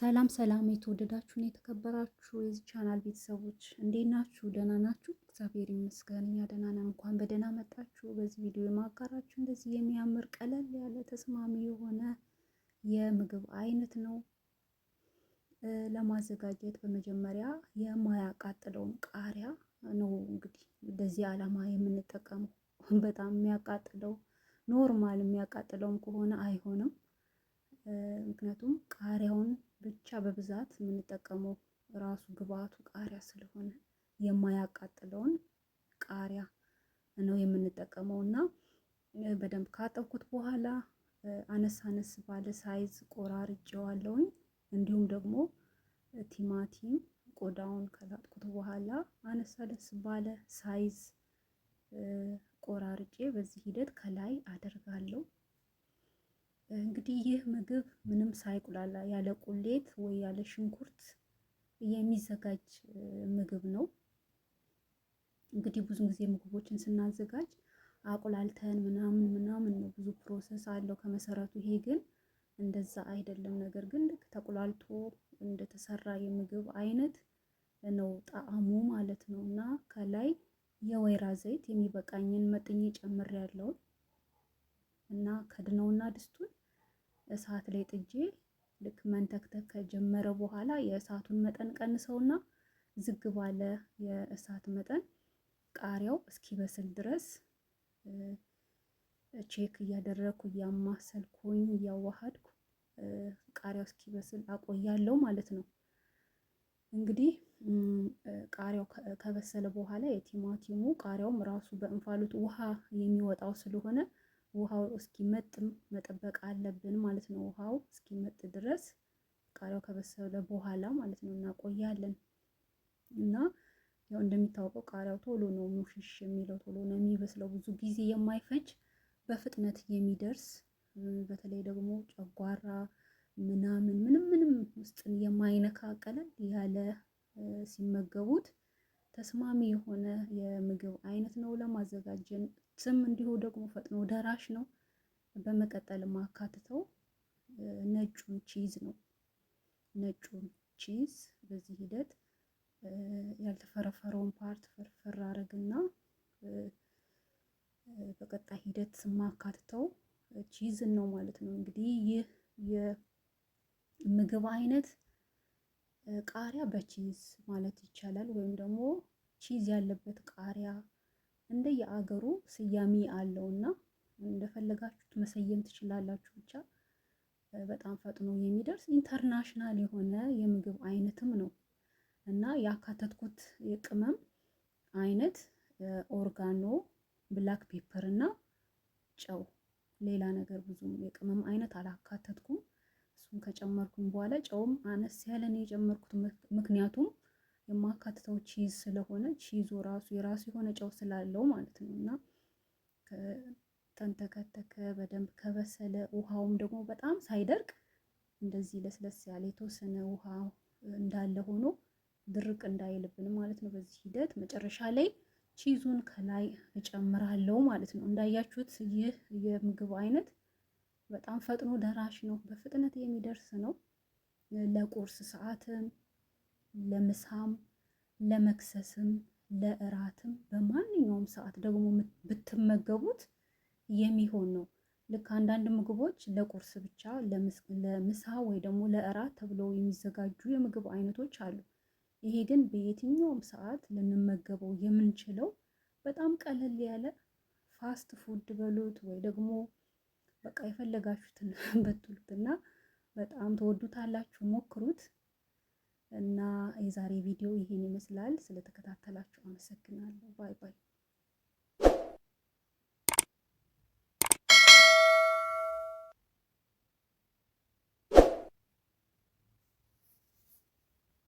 ሰላም ሰላም የተወደዳችሁን የተከበራችሁ የዚህ ቻናል ቤተሰቦች እንዴት ናችሁ? ደህና ናችሁ? እግዚአብሔር ይመስገን እኛ ደህና ነን። እንኳን በደህና መጣችሁ። በዚህ ቪዲዮ የማጋራችሁ እንደዚህ የሚያምር ቀለል ያለ ተስማሚ የሆነ የምግብ አይነት ነው። ለማዘጋጀት በመጀመሪያ የማያቃጥለውን ቃሪያ ነው እንግዲህ ለዚህ ዓላማ የምንጠቀመው። በጣም የሚያቃጥለው ኖርማል የሚያቃጥለውም ከሆነ አይሆንም፣ ምክንያቱም ቃሪያውን ብቻ በብዛት የምንጠቀመው ራሱ ግብአቱ ቃሪያ ስለሆነ የማያቃጥለውን ቃሪያ ነው የምንጠቀመው እና በደንብ ካጠብኩት በኋላ አነስ አነስ ባለ ሳይዝ ቆራርጬዋለሁኝ። እንዲሁም ደግሞ ቲማቲም ቆዳውን ከላጥኩት በኋላ አነስ አነስ ባለ ሳይዝ ቆራርጬ በዚህ ሂደት ከላይ አደርጋለሁ። እንግዲህ ይህ ምግብ ምንም ሳይቁላላ ያለ ቁሌት ወይ ያለ ሽንኩርት የሚዘጋጅ ምግብ ነው። እንግዲህ ብዙ ጊዜ ምግቦችን ስናዘጋጅ አቁላልተን ምናምን ምናምን ነው፣ ብዙ ፕሮሰስ አለው ከመሰረቱ። ይሄ ግን እንደዛ አይደለም። ነገር ግን ልክ ተቁላልቶ እንደተሰራ የምግብ አይነት ነው ጣዕሙ ማለት ነው። እና ከላይ የወይራ ዘይት የሚበቃኝን ጨምር ጨምሬያለሁ እና ከድነውና ድስቱን እሳት ላይ ጥጄ ልክ መንተክተክ ከጀመረ በኋላ የእሳቱን መጠን ቀንሰውና ዝግ ባለ የእሳት መጠን ቃሪያው እስኪበስል ድረስ ቼክ እያደረግኩ እያማሰልኩኝ እያዋሃድኩ ቃሪያው እስኪበስል አቆያለሁ ማለት ነው። እንግዲህ ቃሪያው ከበሰለ በኋላ የቲማቲሙ ቃሪያውም ራሱ በእንፋሎት ውሃ የሚወጣው ስለሆነ ውሃው እስኪመጥ መጠበቅ አለብን ማለት ነው። ውሃው እስኪመጥ ድረስ ቃሪያው ከበሰለ በኋላ ማለት ነው እናቆያለን እና ያው እንደሚታወቀው ቃሪያው ቶሎ ነው ሙሽሽ የሚለው ቶሎ ነው የሚበስለው። ብዙ ጊዜ የማይፈጅ በፍጥነት የሚደርስ በተለይ ደግሞ ጨጓራ ምናምን ምንም ምንም ውስጥን የማይነካ ቀለል ያለ ሲመገቡት ተስማሚ የሆነ የምግብ አይነት ነው ለማዘጋጀትም እንዲሁ ደግሞ ፈጥኖ ደራሽ ነው። በመቀጠል ማካትተው ነጩን ቺዝ ነው። ነጩን ቺዝ በዚህ ሂደት ያልተፈረፈረውን ፓርት ፍርፍር አረግና በቀጣይ ሂደት ማካትተው ቺዝን ነው ማለት ነው። እንግዲህ ይህ የምግብ አይነት ቃሪያ በቺዝ ማለት ይቻላል ወይም ደግሞ ቺዝ ያለበት ቃሪያ እንደ የአገሩ ስያሜ አለው እና እንደፈለጋችሁት መሰየም ትችላላችሁ። ብቻ በጣም ፈጥኖ የሚደርስ ኢንተርናሽናል የሆነ የምግብ አይነትም ነው እና ያካተትኩት የቅመም አይነት ኦርጋኖ፣ ብላክ ፔፐር እና ጨው። ሌላ ነገር ብዙም የቅመም አይነት አላካተትኩም። ከጨመርኩኝ በኋላ ጨውም አነስ ያለ ነው የጨመርኩት። ምክንያቱም የማካትተው ቺዝ ስለሆነ ቺዙ ራሱ የራሱ የሆነ ጨው ስላለው ማለት ነው እና ተንተከተከ በደንብ ከበሰለ ውሃውም ደግሞ በጣም ሳይደርቅ እንደዚህ ለስለስ ያለ የተወሰነ ውሃ እንዳለ ሆኖ ድርቅ እንዳይልብን ማለት ነው። በዚህ ሂደት መጨረሻ ላይ ቺዙን ከላይ እጨምራለሁ ማለት ነው። እንዳያችሁት ይህ የምግብ አይነት በጣም ፈጥኖ ደራሽ ነው። በፍጥነት የሚደርስ ነው። ለቁርስ ሰዓትም፣ ለምሳም፣ ለመክሰስም፣ ለእራትም በማንኛውም ሰዓት ደግሞ ብትመገቡት የሚሆን ነው። ልክ አንዳንድ ምግቦች ለቁርስ ብቻ፣ ለምሳ ወይ ደግሞ ለእራት ተብሎ የሚዘጋጁ የምግብ አይነቶች አሉ። ይሄ ግን በየትኛውም ሰዓት ልንመገበው የምንችለው በጣም ቀለል ያለ ፋስት ፉድ በሉት ወይ ደግሞ በቃ የፈለጋችሁትን በትሉትና በጣም ተወዱታላችሁ፣ ሞክሩት እና የዛሬ ቪዲዮ ይሄን ይመስላል። ስለተከታተላችሁ አመሰግናለሁ። ባይ ባይ።